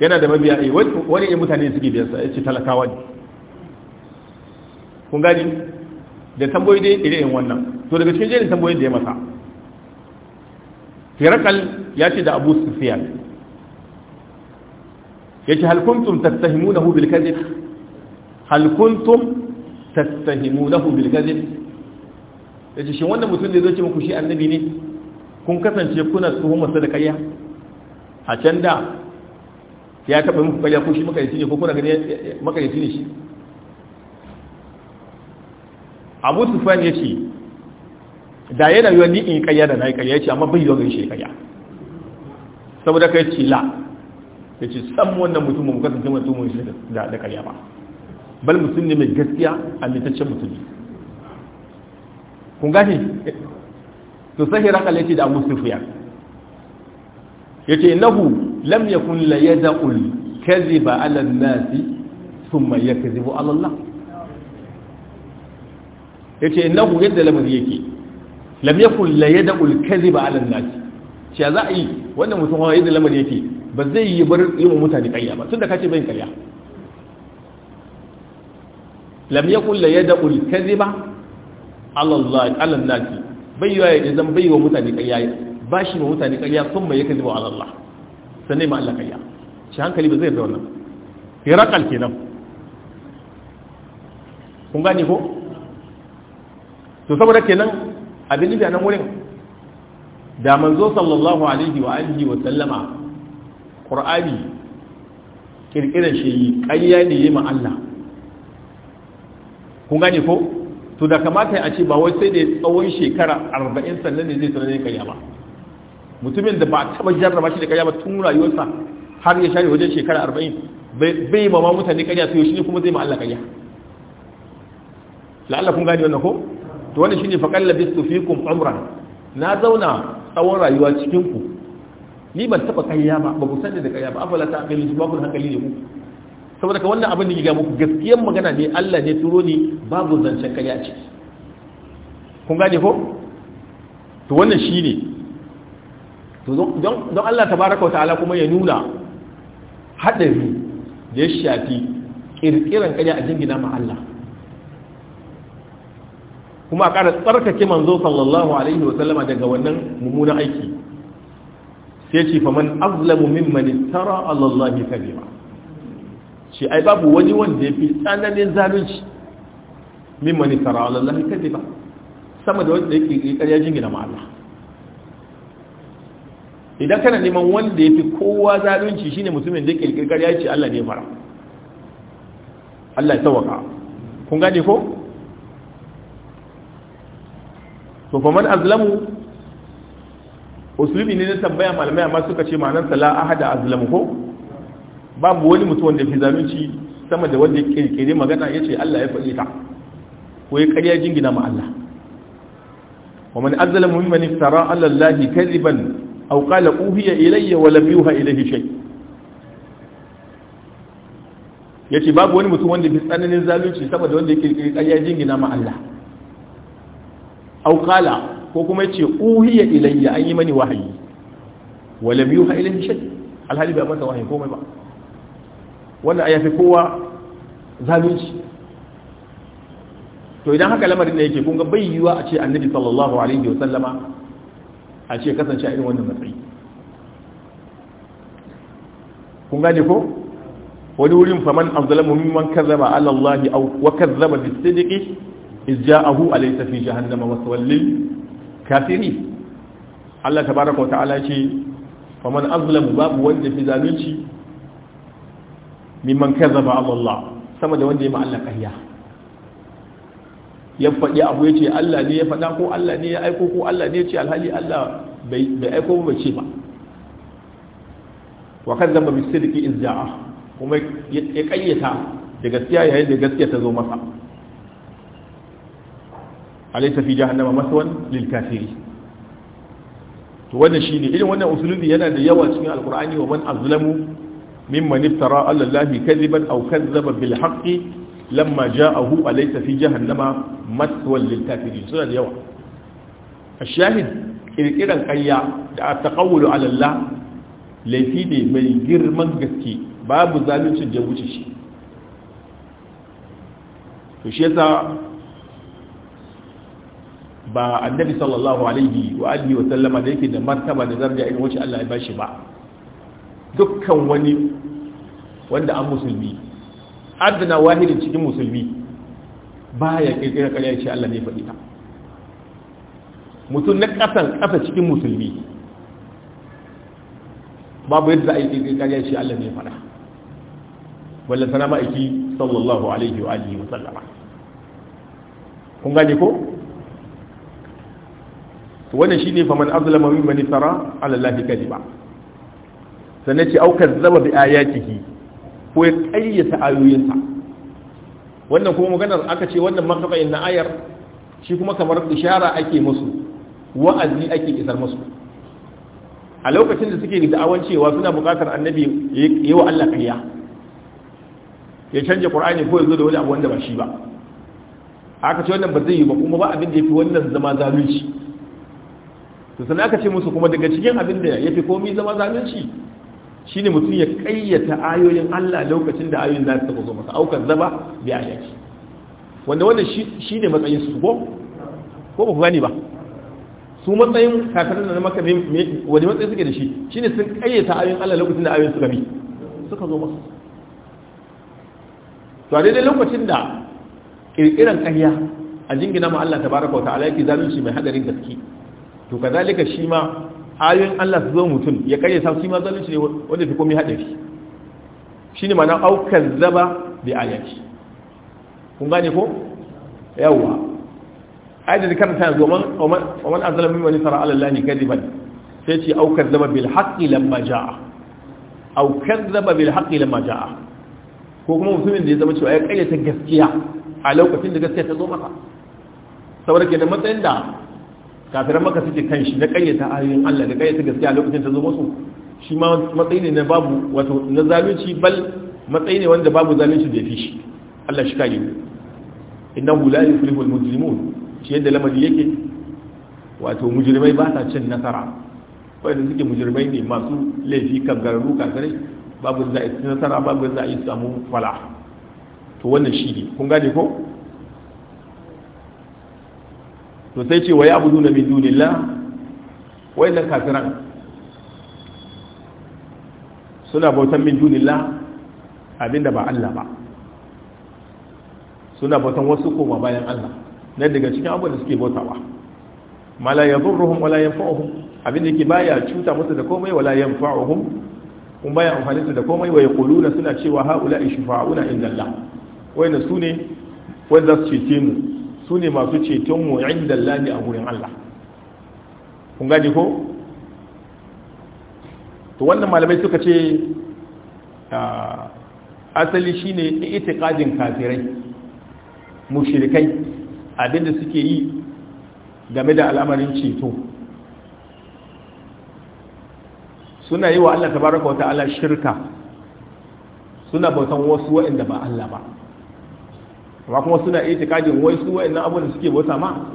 yana da mabiya ai eh, wani ne mutane suke biyan sa yace talakawa ne kun gani da tamboyi dai irin wannan to daga cikin jerin tamboyin da ya masa firakal ya ce da abu sufiyan ya ce halkuntum tattahimunahu bil kadhib halkuntum na bil kadhib ya ce shi wanda mutum da zai ce muku shi annabi ne kun kasance kuna tsohon tuhumarsa da kariya a can da ya taɓa muku kariya ko shi makarici ne ko kuna gani makarici ne shi abu tufan ya ce da yana yiwa ni in kariya da na yi kariya ya ce amma bai yiwa shi kariya saboda kai ce la ya ce san wannan mutum mu kasance mutum da kariya ba bal mutum ne mai gaskiya a mutum ne kun gashi to sahi rakal yace da Abu Sufyan yace innahu lam yakun la yad'ul kadhiba 'ala an-nas thumma yakdhibu 'ala Allah yace innahu yadda lamari yake lam yakun la yad'ul kadhiba 'ala an-nas cewa za a yi wannan mutum hawa yadda lamari yake ba zai yi bar yi wa mutane ƙarya ba tunda kace bayin ƙarya lam yakun la yad'ul kadhiba alallaki bai yawa ya zan bai wa mutane ƙarya ba shi wa mutane ƙarya sun mai yakan zuwa alallah sannan ma Allah ƙarya shi hankali ba zai zai wannan hirakal kenan kun gane ko to saboda kenan abin da nan wurin da manzo sallallahu alaihi wa alihi wa sallama qur'ani kirkiran shi ƙarya ne yi ma Allah kun gane ko to da kamata a ce ba wai sai da tsawon shekara arba'in sannan ne zai sanar da karya ba mutumin da ba taba jarraba shi da karya ba tun rayuwarsa har ya share wajen shekara arba'in bai ma mutane karya to shi ne kuma zai ma Allah karya Allah kun gani wannan ko to wannan shine fa qallabistu fikum umran na zauna tsawon rayuwa cikin ku ni ban taba karya ba ba ku sani da karya ba afala ta aqilu ba ku hankali ne ku saboda ka wannan abin da ke ga muku gaskiyar magana ne Allah ne turo ni babu zancen kanya a ciki kun gane ko to wannan shi ne. don Allah ta baraka tabaraka ta'ala kuma ya nuna haɗari da ya shafi ƙirƙiran ƙanya a jingina ma Allah kuma a ƙara tsarkake manzo sallallahu alaihi wa sallama daga wannan mummunan aiki sai ce faman azlamu mimman tara Allah kadhiba shi ai babu wani wanda ya fi tsananin zalunci min mani tara Allah kadi ba sama da wanda yake ƙarya jingina ma Allah idan kana neman wanda ya fi kowa zalunci shine mutumin da yake ƙarya ce Allah ne fara Allah ya tawaka kun gane ko to fa man azlamu uslubi ne na tambaya malamai amma suka ce ma'anar sala ahada azlamu ko babu wani mutum wanda fi zalunci sama da wanda kirkire magana ya ce Allah ya faɗi ta ko ya karya jingina ma Allah wa man azzala mimman iftara ala Allah kadiban aw qala uhiya ilayya wa lam yuha ilayhi shay yace babu wani mutum wanda fi tsananin zalunci sama da wanda kirkire karya jingina ma Allah aw qala ko kuma yace uhiya ilayya an yi mani wahayi wa lam yuha ilayhi shay alhali ba masa wahayi komai ba wanda ya fi kowa zalunci to idan haka lamarin da yake kun ga bai yiwa a ce annabi sallallahu alaihi wa sallama a ce kasance a irin wannan matsayi kun gane ko wani wurin faman azlamu mimman kazzaba ala Allah aw wa kazzaba bis sidqi iz ja'ahu alaysa fi jahannama waswal lil kafirin Allah tabaaraka wa ta'ala ce faman azlamu babu wanda fi zalunci mimman kazzaba Allah sama da wanda ya ma Allah ƙarya ya faɗi abu ya ce Allah ne ya faɗa ko Allah ne ya aiko ko Allah ne ya ce alhali Allah bai aiko ba ce ba wa kazzaba bi sidqi izza'a kuma ya ƙayyata da gaskiya yayin da gaskiya ta zo masa alaysa fi jahannama masuwan lil kafirin to wannan shine irin wannan usulubi yana da yawa cikin alqur'ani wa man azlamu mimman iftara ala allahi kadhiban aw kadhaba bil haqqi lamma ja'ahu alaysa fi jahannama maswal lil kafirin suna da yawa ashahid kirkiran ƙarya da taqawulu ala allah laifi ne mai girman gaske babu zaluncin da wuce shi to shi yasa ba annabi sallallahu alaihi wa wa sallama da yake da martaba da zarja irin wacce Allah ya shi ba dukkan wani wanda an musulmi adana wahidin cikin musulmi ba ya kirkira karya ce Allah ne faɗi ta mutum na ƙasan ƙasa cikin musulmi babu yadda za a yi kirkira karya ce Allah ne faɗa wallan sana ma'aiki sallallahu alaihi wa alihi wa sallama kun gane ko wannan shine faman azlama mimman tara ala allahi kadiba sannan ce aukar zaba bi ciki, ko ya ƙayyata ayoyinsa wannan kuma maganar aka ce wannan makabayin na ayar shi kuma kamar ishara ake musu wa'azi ake isar musu a lokacin da suke da'awan cewa suna bukatar annabi yi wa Allah ƙarya ya canja ƙur'ani ko ya zo da wani abu wanda ba shi ba aka ce wannan ba zai yi ba kuma ba abin da ya fi wannan zama zalunci to sannan aka ce musu kuma daga cikin abin da ya fi komi zama zalunci Shi ne mutum ya kayyata ayoyin Allah lokacin da ayoyin za su zo masa aukar zaba bi ayati wanda wannan ne matsayin su ko ko ba ku gani ba su matsayin kafirin da maka wani matsayi suke da shi shi ne sun kayyata ayoyin Allah lokacin da ayoyin suka bi suka zo masa to a daidai lokacin da kirkiran ƙarya a jingina ma Allah tabaraka wa ta'ala yake zalunci mai hadarin gaske to kazalika shi ma ayoyin Allah su zo mutum ya kare sa shi ma zalunci ne wanda fi komai hadari shine ma'ana aukar zaba bi ayati kun gane ko yawa ayat da karanta yanzu man man azlama mimman tara ala allahi kadiban sai ce aukar zaba bil haqqi lamma jaa Aukar zaba bil haqqi lamma jaa ko kuma mutumin da ya zama cewa ya kare ta gaskiya a lokacin da gaskiya ta zo masa saboda kenan matsayin da kafiran maka suke kan shi na kayyata ayoyin Allah da kayyata gaskiya lokacin ta zo musu shi ma matsayi ne na babu wato na zalunci bal matsayi ne wanda babu zalunci da fi shi Allah shi inna hu la yuflihu mujrimun shi yadda lamari yake wato mujrimai ba sa cin nasara wanda suke mujrimai ne masu laifi kan gararu kafirai babu za a yi nasara babu za a yi samu fala to wannan shi ne kun gane ko to sai ce wa ya ya'buduna min dunillah wayannan kafiran suna bautan min dunillah abinda ba Allah ba suna bautan wasu koma bayan Allah na daga cikin abu da suke bautawa ma la yadurruhum wala yanfa'uhum abinda yake baya cuta musu da komai wala yanfa'uhum kuma baya amfani su da komai wa yaquluna suna cewa haula ishfa'una inda Allah na sune za su ce mu su ne masu ceton mu inda lahi a gurin Allah kun gaji ko to wannan malamai suka ce asali shine itiqadin kafirai mushirikai, abinda suke yi game da al'amarin ceto suna yi wa Allah tabaraka wa ta'ala shirka suna bautan wasu waɗanda ba Allah ba amma kuma suna iya tikadin wai su wa'annan abubuwan da suke bauta ma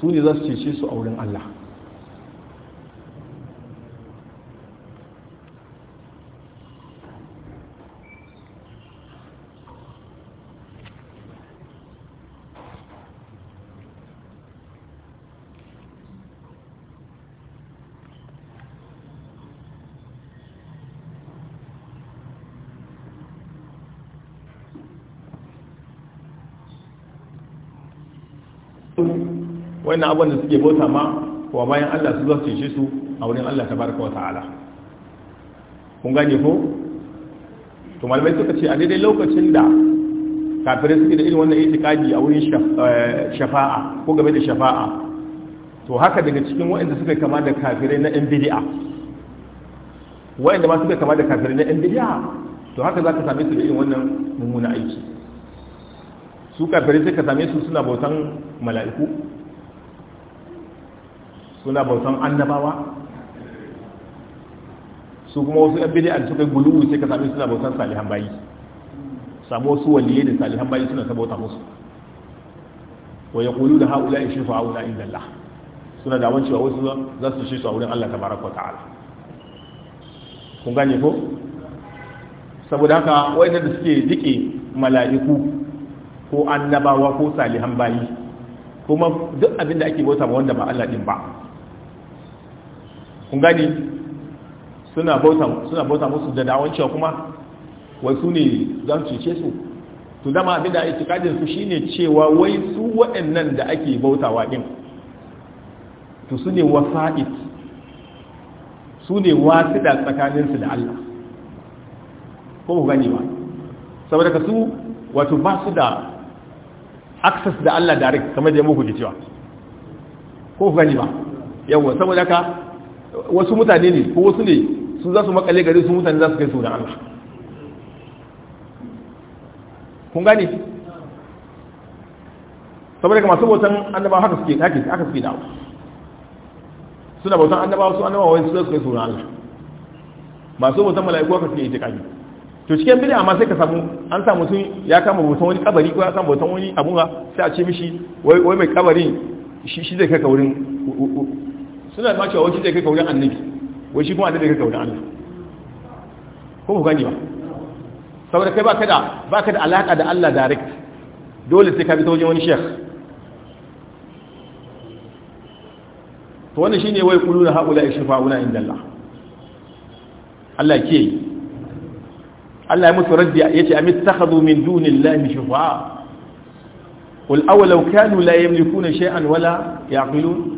su ne za su cece su a wurin Allah wannan abin da suke bauta ma ko bayan Allah su zo su cece su a wurin Allah tabaraka wa ta'ala kun gane ko to malamai suka ce a daidai lokacin da kafirai suke da irin wannan itikadi a wurin eh, shafa'a ko game da shafa'a to haka daga cikin waɗanda suka kama da kafirai na yan bidi'a? waɗanda ma suka kama da kafirai na yan bidi'a? to haka za ka same su da irin wannan mummuna aiki su kafirai sai ka same su suna bautan mala'iku suna bautan annabawa su kuma wasu yan bidiyar da suka guluwu sai ka sami suna bautan salihan bayi samu wasu waliye da salihan bayi suna bauta musu wa kulu da haula shifa haula in dalla suna da wancewa wasu za su shi su a wurin Allah Ta tabaraka ta'ala kun gane ko saboda haka wayanda da suke dike mala'iku ko annabawa ko salihan bayi kuma duk abin da ake bauta ba wanda ba Allah din ba kun gani suna bauta musu da dawon cewa kuma wai su ne zan cece su to dama abin da itikadin su shine cewa wai su waɗannan da ake bautawa din to su ne wasa'id su ne da tsakaninsu da Allah ko ku gani ba saboda ka su wato ba su da access da Allah direct kamar da muku ji cewa ko ku gani ba yawon saboda ka wasu mutane ne ko wasu ne su za su makale gari su mutane za su kai su da Allah kun gane saboda kama su bautan annabawa haka suke take haka suke dawo suna bautan annabawa su annabawa wani su za su kai su da Allah masu bautan mala'iku haka suke itikadi to cikin bid'a ma sai ka samu an samu sun ya kama bautan wani kabari ko ya kama bautan wani abuwa sai a ce mishi wai mai kabarin shi zai kai ka wurin suna ma cewa wace zai kai kaurin annabi wai shi kuma annabi kai kaurin Allah ko ku gani ba saboda kai baka da baka da alaka da Allah direct dole sai ka bi ta wajen wani sheikh to wannan shine wai kullu haula ishfa'una inda Allah Allah ke Allah ya musu raddi yace amittakhadhu min dunillahi shufa'a qul aw law kanu la yamlikuna shay'an wala ya'qilun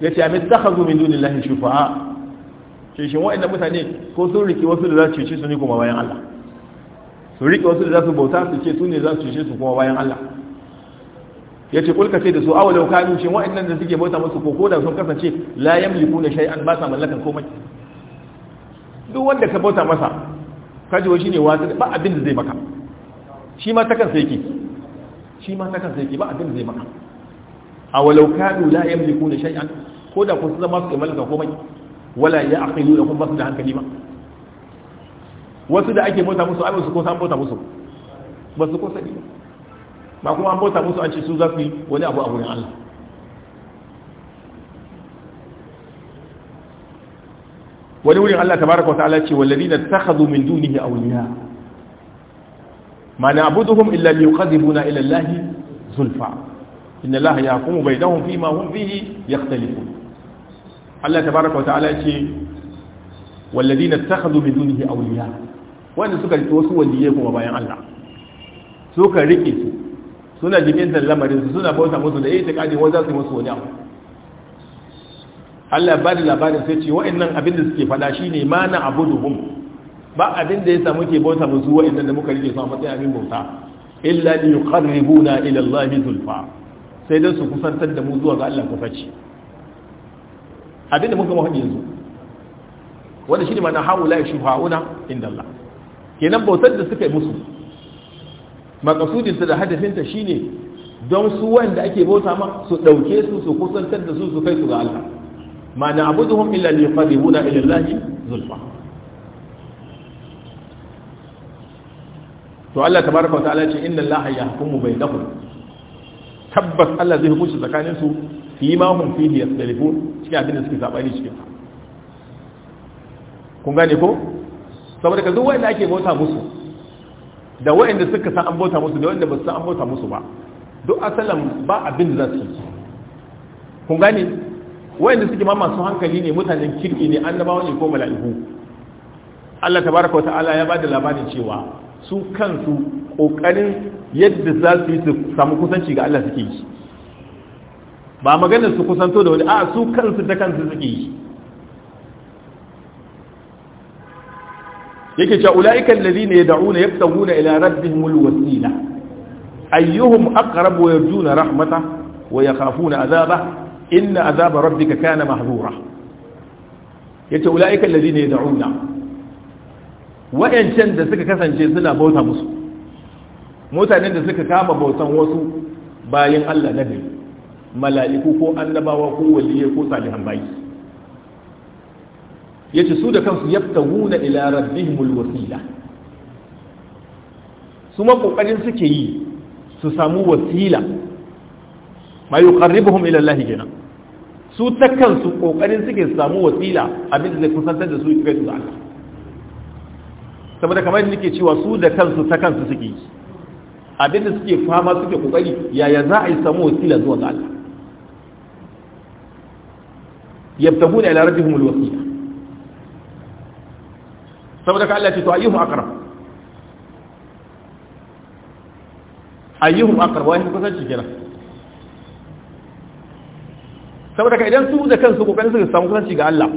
ya ce amin ta hagu min dunin lahin shufa'a ce shi wa'in da mutane ko sun riƙe wasu da za su cece su ne kuma bayan Allah su riƙe wasu da za su bauta su ce su ne za su cece su kuma bayan Allah ya ce kulka ce da su awa lauka ne shi wa'in da suke bauta musu ko koda sun kasance la liku da shay'an ba sa mallakan komai duk wanda ka bauta masa kaji wa ne wasu ba abin da zai maka shi ma ta kansa yake shi ma ta kansa yake ba abin da zai maka a walau kadu la yamlikuna shay'an ko da kun zama su mallaka komai wala ya aqilu da kun basu da hankali ma. wasu da ake bauta musu ai su ko san bauta musu ba su ko sani ba kuma an bauta musu an ce su za su yi wani abu a wurin Allah wani wurin Allah tabaraka wa ta'ala ce wallazina takhadhu min dunihi awliya ma na'buduhum illa liyuqadhibuna ila Allah zulfa inna الله yahkumu bainahum فيما هم فيه يختلفون الله تبارك وتعالى ta'ala ce اتخذوا takhadhu min dunihi awliya wanda suka rike wasu waliyai kuma bayan Allah suka rike su suna jibintar lamarin su suna bauta musu da Allah ba da labarin sai ce wa'annan abin da suke fada shine ma na abuduhum ba abin da yasa muke bauta musu wa'annan da muka rike su a matsayin abin bauta illa li yuqarribuna ila Allah zulfa sai don su kusantar da mu zuwa ga Allah kusaci abin da muka mahaɗi yanzu wanda shi ne mana haula ya shufa'una inda Allah kenan bautar da suka yi musu makasudinta da hadafinta shi ne don su wanda ake bauta ma su ɗauke su su kusantar da su su kai su ga Allah ma na abuduhum illa li yuqarribuna ila Allah zulfa to Allah tabaraka wa ta'ala ce inna Allah yahkumu bainahum tabbas Allah zai hukunci tsakanin su fi ma fi da telefon cikin abin da suke ne cikin kun gane ko saboda ka duk inda ake bauta musu da wa'anda suka san an bauta musu da wanda ba su san an bauta musu ba duk asalan ba abin da za su yi kun gane wa'anda suke ma masu hankali ne mutanen kirki ne annabawa ne ko mala'iku Allah tabaraka wa ta'ala ya bada labarin cewa su kansu ƙoƙarin yadda za su yi su samu kusanci ga Allah suke yi ba maganar su kusanto da wani a su kansu ta kansu suke yi yake cewa ulaika allazina yad'una yabtaguna ila rabbihimul wasila ayyuhum aqrabu juna rahmata wa kafuna azaba inna azaba rabbika kana mahdura yace ulaika allazina yad'una Wa'ancan da suka kasance suna bauta musu mutanen da suka kama bautan wasu bayan Allah na gari mala'iku ko annabawa ko waliyai ko salihan bayi ce su da kansu wuna ilarar rabbihimul wasila su makokarin suke yi su samu wasila ma yuqarribuhum ila Allah kenan su ta kansu kokarin suke samu wasila abin da zai kusantar da su kai su Allah saboda kamar da nake cewa su da kansu ta kansu suke abin da suke fama suke kokari yaya za a yi samu wasila zuwa ga Allah yabtahu ila rabbihim alwasila saboda ka Allah ce to ayyuhum aqrab ayyuhum aqrab wani kusan shi kenan saboda ka idan su da kansu kokarin su samu kusanci ga Allah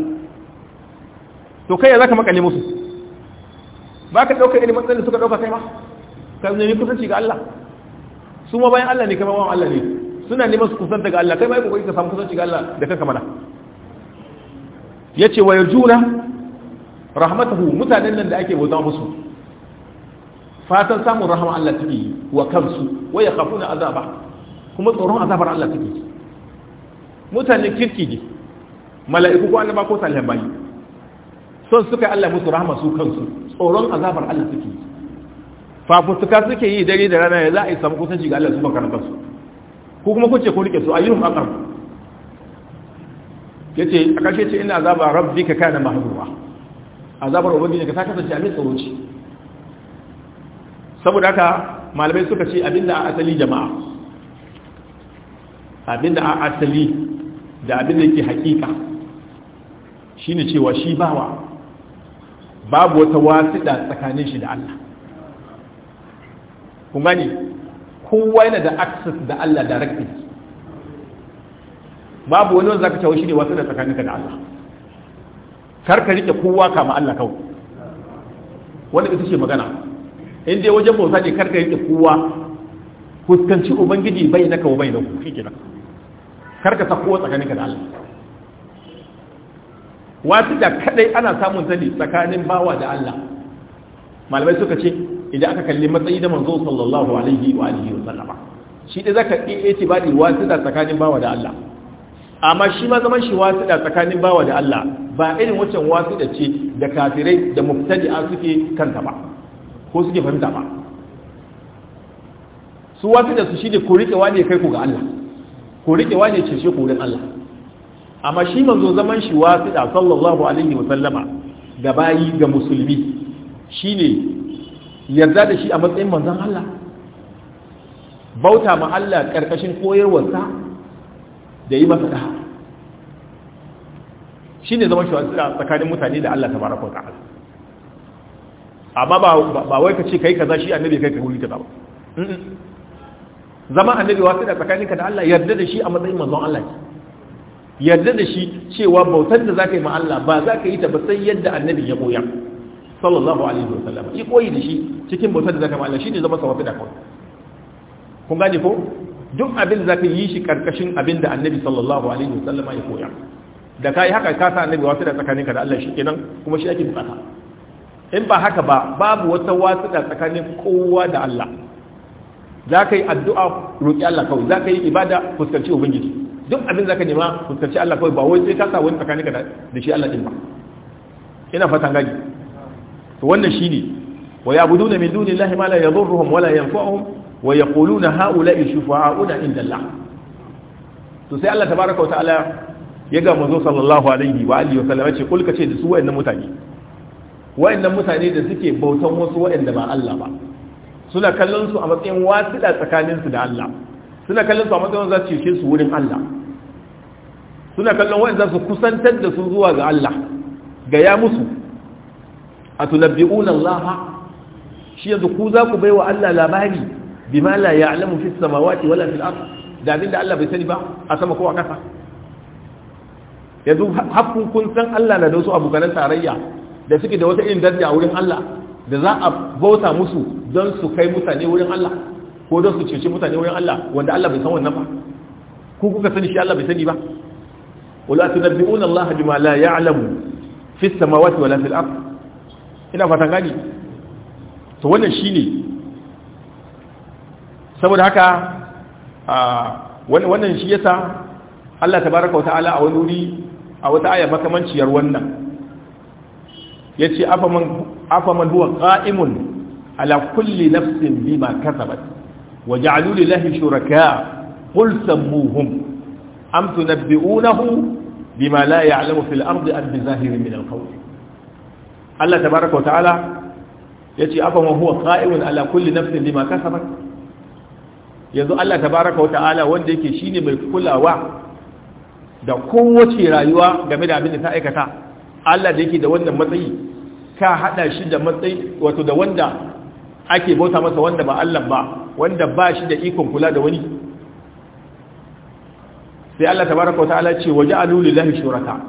to kai ya zaka makalle musu ba ka ɗauka irin matsayin da suka ɗauka kai ba? ka nemi kusanci ga Allah su ma bayan Allah ne kai ma Allah ne suna neman su kusan daga Allah kai ma yi kokari ka samu kusanci ga Allah da kanka mana yace wa yarjuna rahmatahu mutanen nan da ake bauta musu fatan samun rahama Allah take wa kansu wa yakhafuna azaba kuma tsoron azabar Allah take mutanen kirki ne mala'iku ko annaba ko salihan bayi son suka Allah musu rahama su kansu tsoron azabar Allah suke yi fafutuka suke yi dare da rana ya za a yi samu kusanci ga Allah su bakar su, ko kuma kun ce ko rike su a yi ayyuhum Ya ce a ƙarshe ce ina azaba ka kana mahdura azabar ubangiji ka ta kasance abin tsoro ce saboda haka malamai suka ce abinda a asali jama'a abinda a asali da abinda yake hakika shine cewa shi bawa babu wata wasiɗa tsakanin shi da Allah kun gani kowa yana da access da Allah directly babu wani wanda zaka cewa shi ne wasiɗa tsakaninka da Allah kar ka rike kowa kama Allah kawai wanda ita ce magana Inda dai wajen bauta ne kar ka rike kowa fuskanci ubangiji bai na kawo bai na ku shi kenan kar ka tsakanin ka da Allah da kadai ana samun sani tsakanin bawa da Allah malamai suka ce idan aka kalli matsayi da manzo sallallahu alaihi wa alihi wa sallama shi da zaka iya wasu da tsakanin bawa da Allah amma shi ma zaman shi da tsakanin bawa da Allah ba irin wancan da ce da kafirai da mubtadi'a suke kanta ba ko suke fahimta ba su da su shi ne ku riƙe wani kai ku ga Allah ku ne wani ce shi ku Allah amma shi manzo zaman shi wasu wasiɗa sallallahu alaihi wa sallama ga bayi ga musulmi shine yarda da shi a matsayin manzon Allah bauta ma Allah karkashin koyarwarsa da yi masa daha shine zaman shi wasiɗa tsakanin mutane da Allah tabaraka wa ta'ala amma ba wai ka ce kai kaza shi annabi kai ka wuri kaza ba zama annabi wasiɗa tsakaninka da Allah yarda da shi a matsayin manzon Allah ne yarda da shi cewa bautar da zaka yi ma ba za ka yi ta ba sai yadda annabi ya koya sallallahu alaihi wa wasallam yi koyi da shi cikin bautar da zaka yi ma shi ne zama sawafi da kawai kun gane ko duk abin za ka yi shi karkashin abin da annabi sallallahu alaihi wa wasallam ya koya da ka yi haka ka sa annabi wasu da tsakaninka da Allah shikenan kuma shi ake bukata in ba haka ba babu wata wasu da tsakanin kowa da Allah za ka yi addu'a roƙi Allah kawai za ka yi ibada fuskanci ubangiji duk abin zaka nema fuskanci Allah kawai ba wai sai ka sa wani tsakanin ka da shi Allah din ba ina fatan gaji to wannan shine wa ya'buduna min dunillahi ma la yadhurruhum wa la yanfa'uhum wa yaquluna ha'ula shufa'a'una inda Allah to sai Allah tabaaraka wa ta'ala ya ga manzo sallallahu alaihi wa alihi wa sallam ya ce kul kace da su wayannan mutane wayannan mutane da suke bautan wasu wayanda ba Allah ba suna kallon su a matsayin wasila tsakanin su da Allah suna kallon su a matsayin za su cece su wurin Allah suna kallon za su kusantar da su zuwa ga Allah gaya musu a tunabbi'una Allah shi yanzu ku za ku bai wa Allah labari bima la ya'lamu fis samawati wala fil ard da abinda Allah bai sani ba a sama ko a ƙasa? yanzu hakkun kun san Allah na da wasu abokan tarayya da suke da wata irin daraja a wurin Allah da za a bauta musu don su kai mutane wurin Allah ko don su cece mutane wurin Allah wanda Allah bai san wannan ba ku kuka sani shi Allah bai sani ba wala tunabbi'una Allah bima la ya'lamu fi samawati wala fil ina fatan gani to wannan shine saboda haka wannan shi yasa Allah tabaraka wa ta'ala a wani wuri a wata aya makamanciyar wannan yace afaman afaman huwa qa'imun ala kulli nafsin bima kasabat waja'alu lillahi shuraka qul sammuhum am tunabbi'unahu bima la ya'lamu fil ardi am zahirin min al-qawl Allah tabaaraka wa ta'ala yace afa man huwa qa'imun ala kulli nafsin bima kasabat yanzu Allah tabaaraka wa ta'ala wanda yake shine mai kulawa da kowace rayuwa game da abin da ta aikata Allah da yake da wannan matsayi ka hada shi da matsayi wato da wanda ake bauta masa wanda ba Allah ba wanda ba shi da ikon kula da wani sai Allah tabaraka ta'ala ce waje alu lillahi shuraka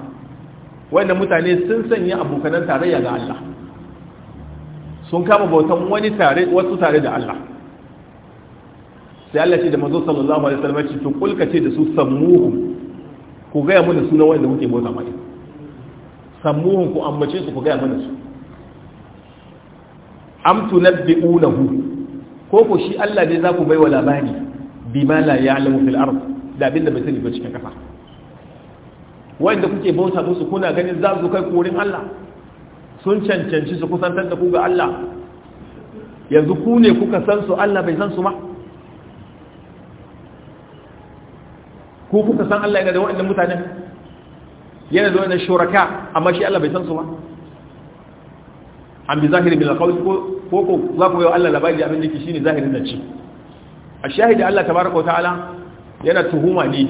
wannan mutane sun sanya abokanan tarayya ga Allah sun kama bautan wani tare wasu tare da Allah sai Allah ce da manzo sallallahu alaihi wasallam ce to kulka ce da su sammuhu ku ga mana sunan wanda muke bauta mai sammuhu ku ambace su ku ga mana su am tunabbi'unahu ko ko shi Allah ne za ku baiwa labari bima la ya'lamu fil ardh da abin da bai sani ba cikin kasa wanda kuke bauta musu kuna ganin za su kai ku Allah sun cancanci su kusantar da ku ga Allah yanzu ku ne kuka san su Allah bai san su ba ku kuka san Allah yana da waɗannan mutanen yana da waɗannan shuraka amma shi Allah bai san su ba an bi zahiri bil qawl ko ko za ku yi Allah labari abin da yake shine zahirin nan ci a shahidi Allah tabaraka wa ta'ala yana tuhuma ne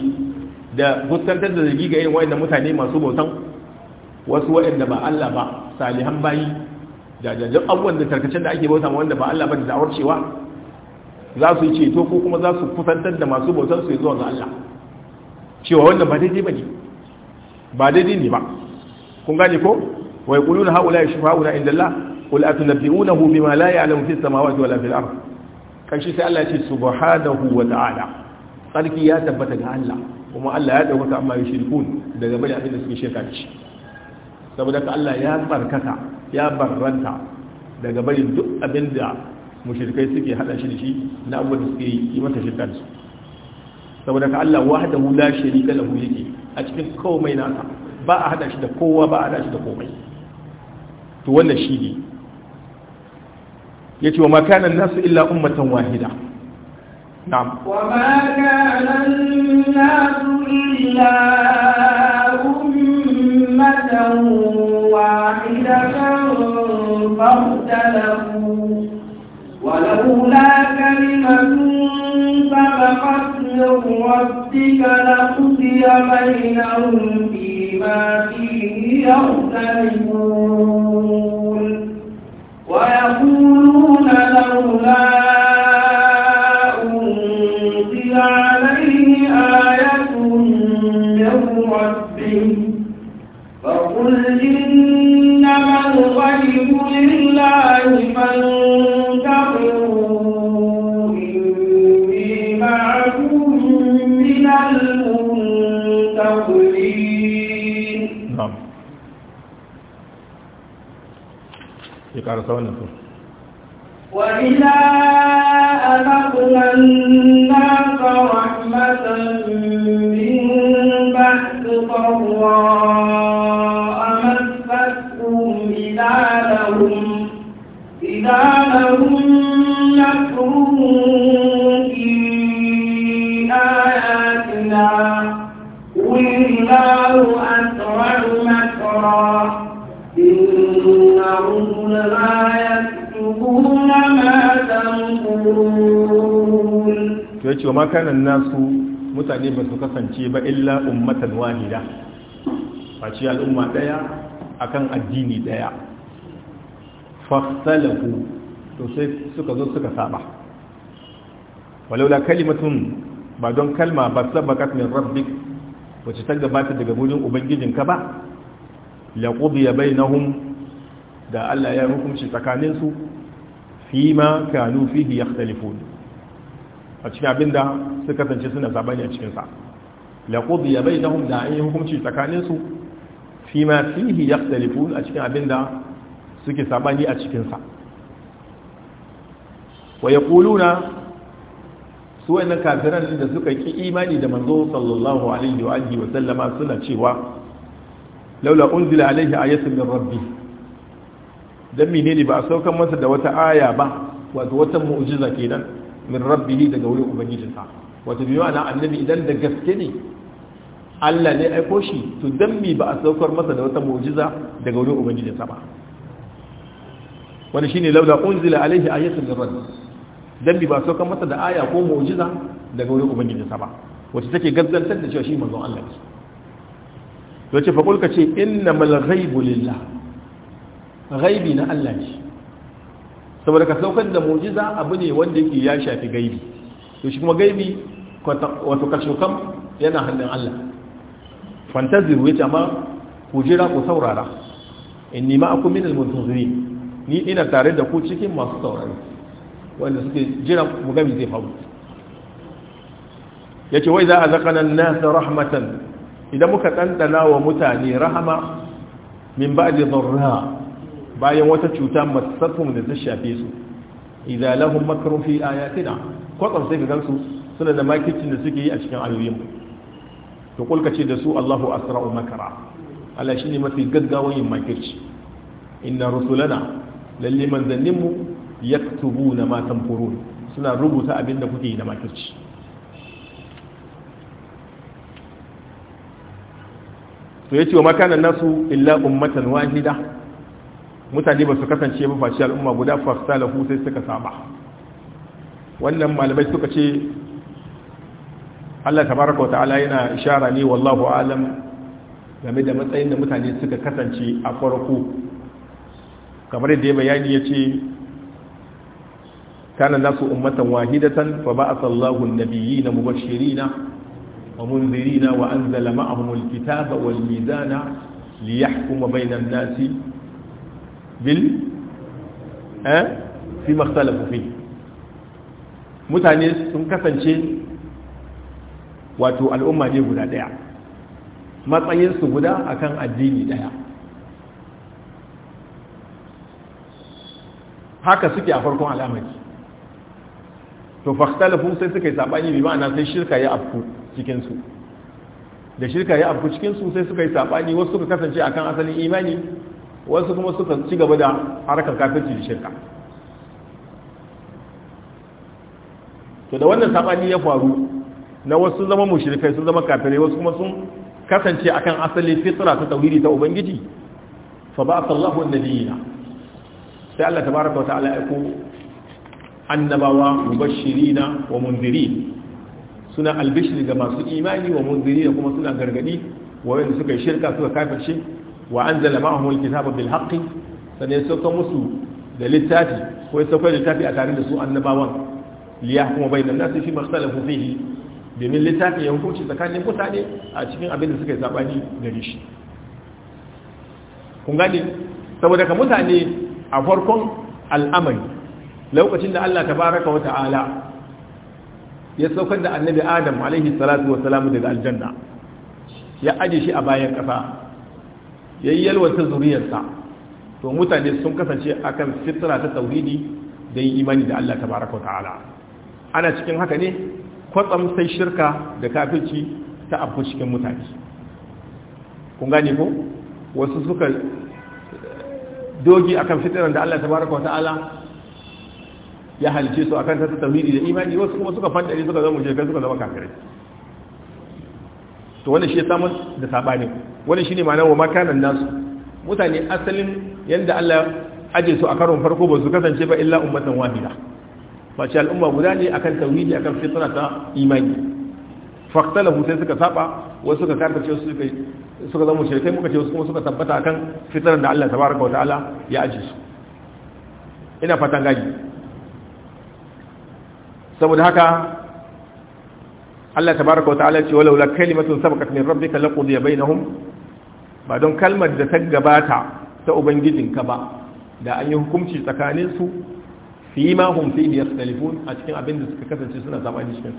da fuskantar da zargi ga irin da mutane masu bautan wasu da ba Allah ba salihan bayi da duk abubuwan da tarkacen da ake bauta ma wanda ba Allah ba da da'awar cewa za su yi ceto ko kuma za su kusantar da masu bautan su zuwa ga Allah cewa wanda ba daidai ba ne ba daidai ne ba kun gane ko Kulu na haula ya yashfa'una inda Allah qul atunabbi'unahu bima la ya'lamu fis samawati wala fil Kan kashi sai Allah ya ce subhanahu wa ta'ala tsarki ya tabbata ga Allah kuma Allah ya ɗaukaka amma ya shirkun daga bari abin da suke shirka da shi saboda ka Allah ya tsarkaka ya barranta daga bari duk abin da mushrikai suke hada shi da shi na abubuwan da suke yi masa shirka da su saboda ka Allah wahdahu la sharika lahu yake a cikin komai nasa ba a hada shi da kowa ba a hada shi da komai to wannan shi ne yace wa ma kana nasu illa ummatan wahida نعم وما كان الناس إلا أمة واحدة فاختلفوا ولولا كلمة سبقت من ربك لقضي بينهم فيما فيه يختلفون ويقولون karasa wannan su وإذا أذقنا الناس رحمة من بعد ضراء مستهم إذا لهم إذا لهم مكر ya ce wa makanan nasu mutane ba su kasance ba illa ummatan wahida face al'umma daya akan addini daya fakhtalahu to sai suka zo suka saba walaula kalimatun ba don kalma ba sabakat min rabbik wacce ta gabata daga wurin ubangijinka ba na bainahum da Allah ya hukunci tsakaninsu fi ma kanu fihi yakhtalifun a cikin abinda su kasance suna sabani a cikinsa. sa ya bai bainahum da yi hukunci tsakaninsu fi ma fihi yakhtalifun a cikin abinda suke sabani a cikinsa. sa wa yaquluna su wannan kafiran da suka ƙi imani da manzo sallallahu alaihi wa wa sallama suna cewa laula unzila alaihi ayatun min Rabbi. dan menene ba a saukan masa da wata aya ba wato wata mu'jiza kenan min rabbihi daga wurin ubangijinsa wato bi ma'ana annabi idan da gaske ne Allah ne aiko shi to dan me ba a saukar masa da wata mu'jiza daga wurin ubangijinsa ba wani shine laula unzila alaihi ayatun min rabbi dan bi ba saukar masa da aya ko mu'jiza daga wurin ubangijinsa ba wace take gaggantar da cewa shi manzon Allah ne to ce fa kulka ce innamal ghaibu lillah gaibi na Allah ne saboda ka saukar da mujiza abu ne wanda yake ya shafi gaibi to shi kuma gaibi wato kashokan yana hannun Allah fantaziru ya ce amma ku jira ku saurara in nima aku min almuntaziri ni ina tare da ku cikin masu saurari wanda suke jira mu gami zai faru yace wai za a zaqana an-nas rahmatan idan muka ɗanɗana wa mutane rahama min ba'di dharra bayan wata cuta masu masarfin da ta shafe su idza lahum makrun fi ayatina kwatsam sai ka gansu suna da makicin da suke yi a cikin ayoyin Ta kulka ce da su Allahu asra'u makara shi ne mafi gaggawan yin makirci inna rusulana lalle manzanninmu yaktubuna matan tanfurun suna rubuta abin da kuke yi na makirci to yace wa makana nasu illa ummatan wahida mutane ba su kasance ba al'umma guda fasta lahu sai suka saba wannan malamai suka ce Allah tabaraka wata'ala yana ishara ne wallahu alam game da matsayin da mutane suka kasance a farko kamar da ya bayani ya ce kana nasu ummatan wahidatan fa ba'atha Allahu na nabiyyina mubashshirina wa munzirina wa anzala a al-kitaba wal mizana liyahkuma bayna nasi bil eh fi makhtalafu fi mutane sun kasance wato al'umma ne guda daya matsayinsu guda akan addini daya haka suke a farkon al'amari to fakhtalafu sai suka yi sabani bi ma'ana sai shirka ya afku cikinsu da shirka ya afku cikinsu sai suka yi sabani wasu suka kasance akan asalin imani wasu kuma suka ci gaba da harkar kafirci da shirka to da wannan sabani ya faru na wasu zama mushrikai sun zama kafirai wasu kuma sun kasance akan asali fitra ta tauhidi ta ubangiji fa ba'atha Allahu annabiyina sai Allah tabaaraka wa ta'ala ya ko annabawa mubashirina wa munzirin suna albishir ga masu imani wa mundiri da kuma suna gargadi wa wanda suka yi shirka suka kafirce wa anzala ma'ahum alkitaba bil haqqi sannan sauka musu da littafi ko ya sauka littafi a tare da su annabawan liyahkuma bainan nasi fi makhtalafu fihi domin littafi ya hukunci tsakanin mutane a cikin abin da suka yi sabani gare shi kun gani. saboda ka mutane a farkon al'amari lokacin da Allah tabaraka wata'ala ya saukar da annabi Adam alaihi salatu salam daga aljanna ya aje shi a bayan kafa yayi yalwata zuriyarsa to mutane sun kasance akan fitra ta tauhidi da yin imani da Allah tabaraka wa ta'ala ana cikin haka ne kwatsam sai shirka da kafirci ta afu cikin mutane kun gane ko wasu suka dogi akan fitran da Allah tabaraka wa ta'ala ya halice su akan ta tauhidi da imani wasu kuma suka fadari suka zama mushrikai suka zama kafirai to wannan shi ya samu da sabani wani shine ma'ana wa makanan nasu mutane asalin yadda Allah ajiye su a karon farko ba su kasance ba illa ummatan wahida face al'umma guda ne akan tauhidi akan fitra ta imani faktalahu sai suka saba wasu suka karkace su suka suka zama shirkai muka ce wasu kuma suka tabbata akan fitrar da Allah tabaraka wa ta'ala ya ajiye su ina fatan gaji saboda haka Allah tabaraka wa ta'ala ce walaula kalimatun sabaqat min rabbika laqudiya bainahum ba don kalmar da ta gabata ta ubangijinka ba da an yi hukumci tsakaninsu fi ma hum fi yastalifun a cikin abin da suka kasance suna zama cikin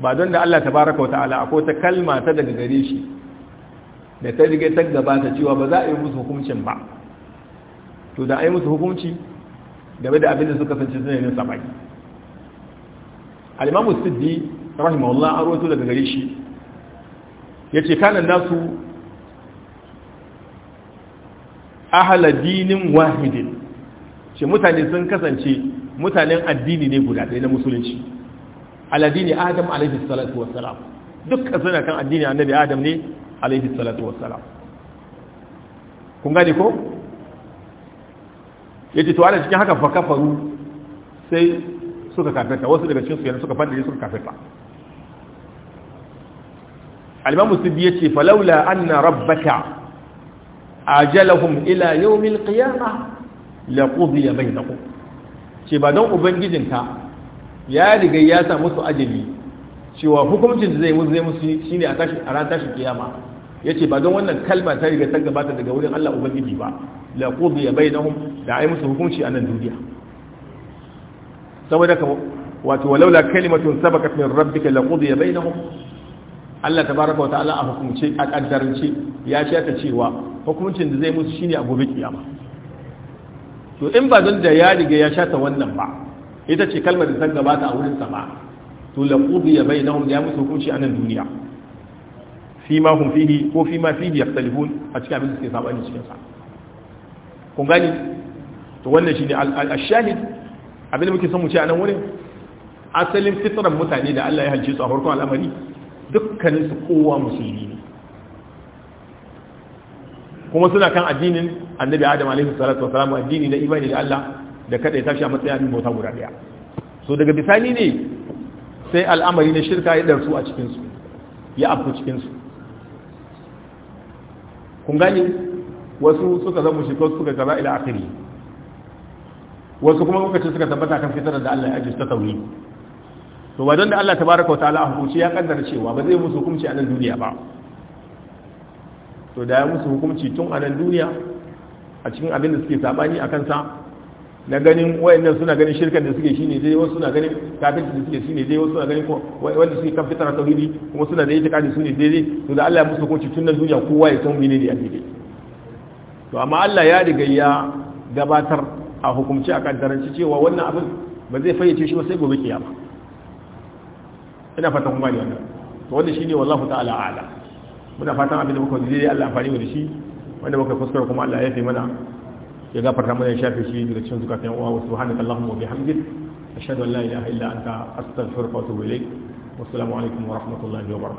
ba don da Allah tabaaraka ta'ala akwai ta kalma ta daga gare shi da ta rige ta gabata cewa ba za a yi musu hukuncin ba to da a yi musu hukunci game da abin da suka kasance suna yin sabani al-imam siddi rahimahullah arwato daga gare shi Ya ce kanan nasu ahala dinin wahidin ce mutane sun kasance mutanen addini ne guda ɗaya na musulunci aladini adam alaihi salatu wassalam dukkan suna kan addini annabi adam ne alaihi salatu wassalam kun gane ko yace to ana cikin haka fa kafaru sai suka kafeta wasu daga cikin su yana suka fadda suka kafeta al-imam muslim yace falawla anna rabbaka ajalahum ila yawmil qiyamah la qudiya bainahum ce ba don ubangijinka ya riga ya sa musu ajali cewa hukuncin da zai musu zai musu shine a tashi a ran tashi kiyama yace ba don wannan kalma ta riga ta gabata daga wurin Allah ubangiji ba la qudiya bainahum da ai musu hukunci a nan duniya saboda ka wato walaula kalimatun sabaqat min rabbika la qudiya bainahum Allah tabaraka wa ta'ala a hukunce a kaddarance ya ce ta cewa hukuncin da zai musu shine a gobe kiyama to in ba don da ya riga ya shata wannan ba ita ce kalmar da ta gabata a wurin sama to la ya bainahu ya musu hukunci a nan duniya fi ma hum fihi ko fi ma fihi yaktalifun a cikin abin da suke sabani cikin sa kun gani to wannan shine al-shahid abin da muke son mu ce a nan wurin asalin fitran mutane da Allah ya halice su a farkon al'amari dukkanin su kowa musulmi kuma suna kan addinin annabi adam alaihi salatu wasalam addini na imani da Allah da kada ya tashi a matsayin abin bauta guda daya so daga bisani ne sai al'amari na shirka ya darsu a cikin su ya afku cikin su kun gani wasu suka zama shirka suka kaza ila akhiri wasu kuma lokacin suka tabbata kan fitar da Allah ya ajiye ta tauri to ba don da Allah tabaraka wa ta'ala a hukunci ya kaddara cewa ba zai musu hukunci a nan duniya ba to da ya musu hukumci tun a nan duniya a cikin abin da suke sabani a kansa na ganin wayannan suna ganin shirkan da suke ne dai wasu suna ganin kafirci da suke ne dai wasu suna ganin ko wanda suke kan fitar tauhidi kuma suna da itikadi su ne daidai to da Allah ya musu hukunci tun nan duniya kowa ya san menene ya daidai to amma Allah ya riga ya gabatar a hukumci a kan daranci cewa wannan abin ba zai fayyace shi ba sai gobe kiyama ina fatan kuma ne wannan to wanda shine wallahu ta'ala a'lam muna fatan abin da muka ji dai Allah amfani da shi wanda muka kuskura kuma Allah ya yafe mana ya gafarta mana ya shafe shi daga cikin zukatan uwa wa subhanakallahumma wa bihamdik ashhadu an la ilaha illa anta astaghfiruka wa atubu ilaik wassalamu alaikum wa rahmatullahi wa barakatuh